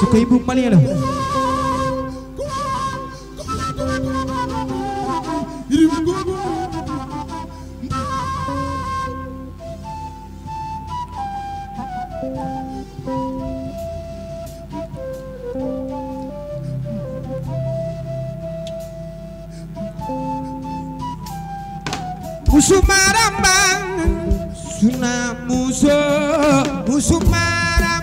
suko ibu malien la Usumaramba na muso musu marama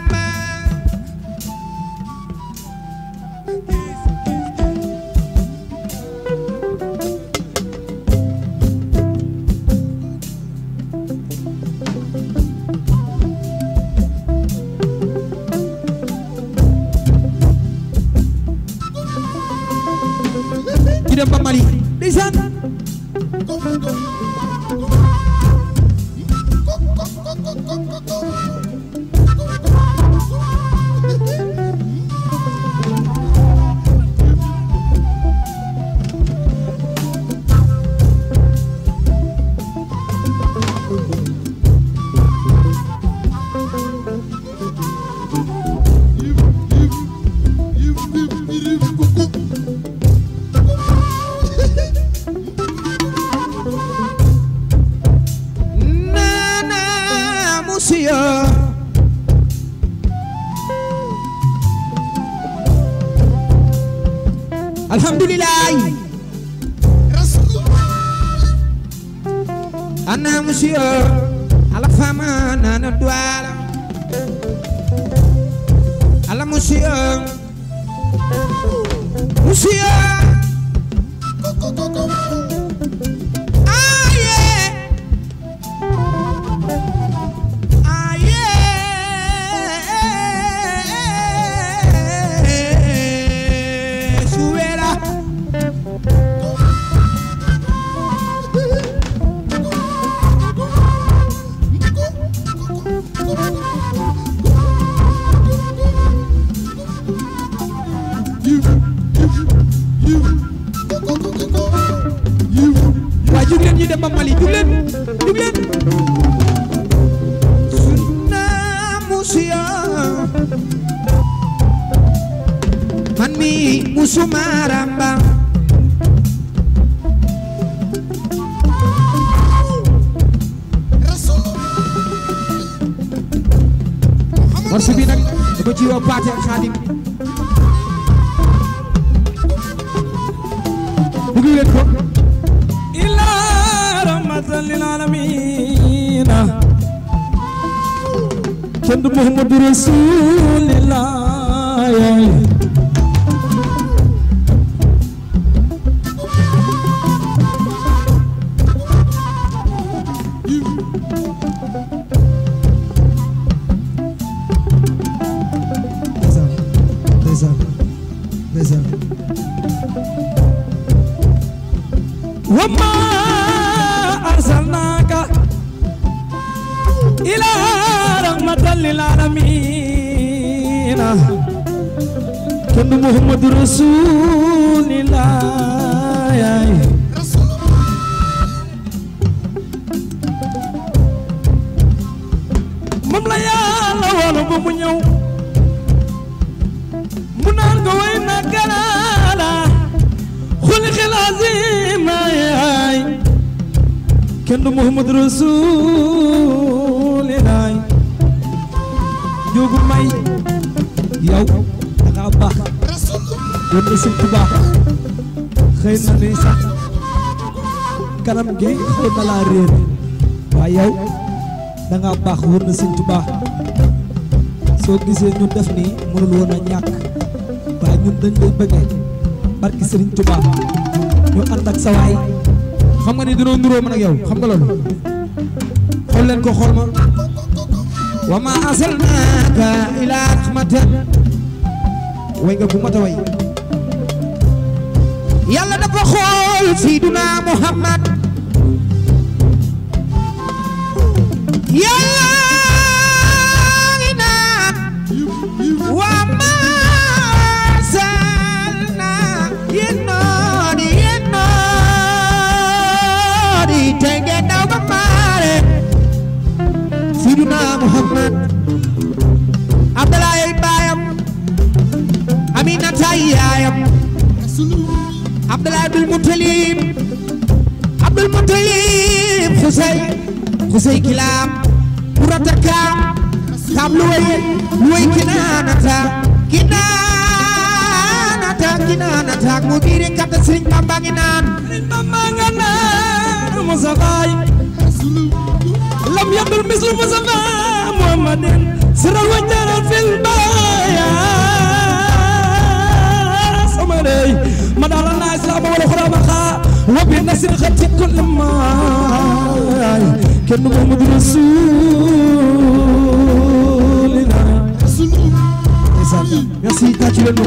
alhamdulilah ana monsieur ala fama nana duala ala monsieur monsieur waaye jug leen ñu dem ba Mali sunna musiya man mi musuma ramba morceau nag dama ci woo Paate Xaadim Ahmadu Muhammadu Rasulillah وما أرسلناك ilaa rahmatan lil aalamiina kenn muhammadu rasuulillaahi moom la yàlla wolu ba mu ñëw mu naan ko way na galaala xuli xil aziim ay kenn du Muhammad Rasul doogu may yow danga baax doon na sëñ Tuubaa xëy na ne sax kanam gi xëy na laa réer waaye yow danga baax wër na sëñ soo gisee ñu def nii mënul woon a ñàkk waaye ñun dañ lay barki sëriñ ñu ànd ak sa xam nga ni dañoo nuroo man ak yow xam nga loolu xool leen ko xool ma wa ma arsalnaaka ilaa rahmatan way nga bu mata way yàlla dafa xool siiduna muhammad yàlla Seydina Muhammad Abdoulaye baayam Aminata yaayam Abdoulaye Abdul Muttalib Abdul Muttalib Xusey Xusey kilaam burata kaam kaam luway luway kinaanata kinaanata kinaanata mu biiri katta Sëriñ Bamba ngi naan Sëriñ Bamba nga naan mu sa baay يقل مثل مصطفى محمد سر الوجدان في البايا سمري مدار الناس لا مولى خرامخا وبالناس الخط كل ما كان محمد رسولنا يا سيدي تاجي لنكو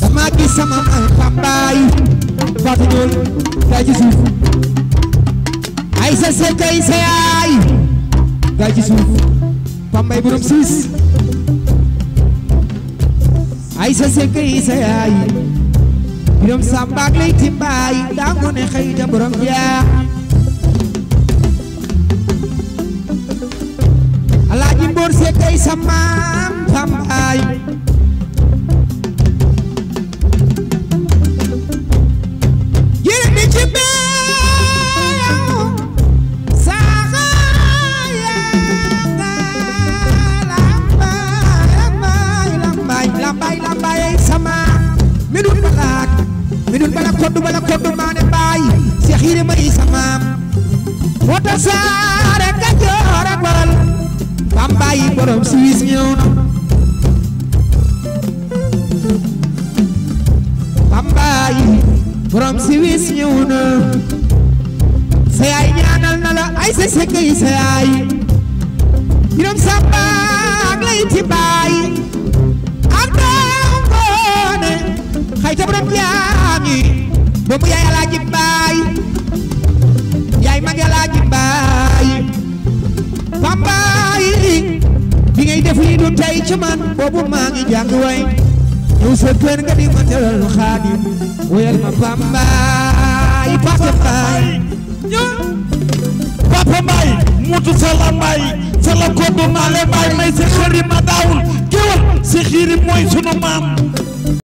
sama gis sama am pambaay faatu ñool daa ci suuf ay sa sekk sa yaay gaa ci suuf pambay borom siis ay sa sekk sa yaay birom sàmbaak lay timbaay daa ngoone xëyta borom jaa alaaji mboor sekk ay sa maam pambaay xiir may maam moo saare Kajoor ak Bawol Bamba borom Suisse ñëw na Bamba yi borom Suisse ay sa sekkay sa yaay biram lay ti baay ak doom boone borom jaam ba mu yaay alaaji lii du tey ci man boobu maa ngi jàng way ñëw sa nga di ma teral xaadim wéyal ma bambaay papa mbaay papa mbaay mutu sala mbaay sala koddu maale mbaay may si xëri ma daawul géwal si xiiri mooy sunu maam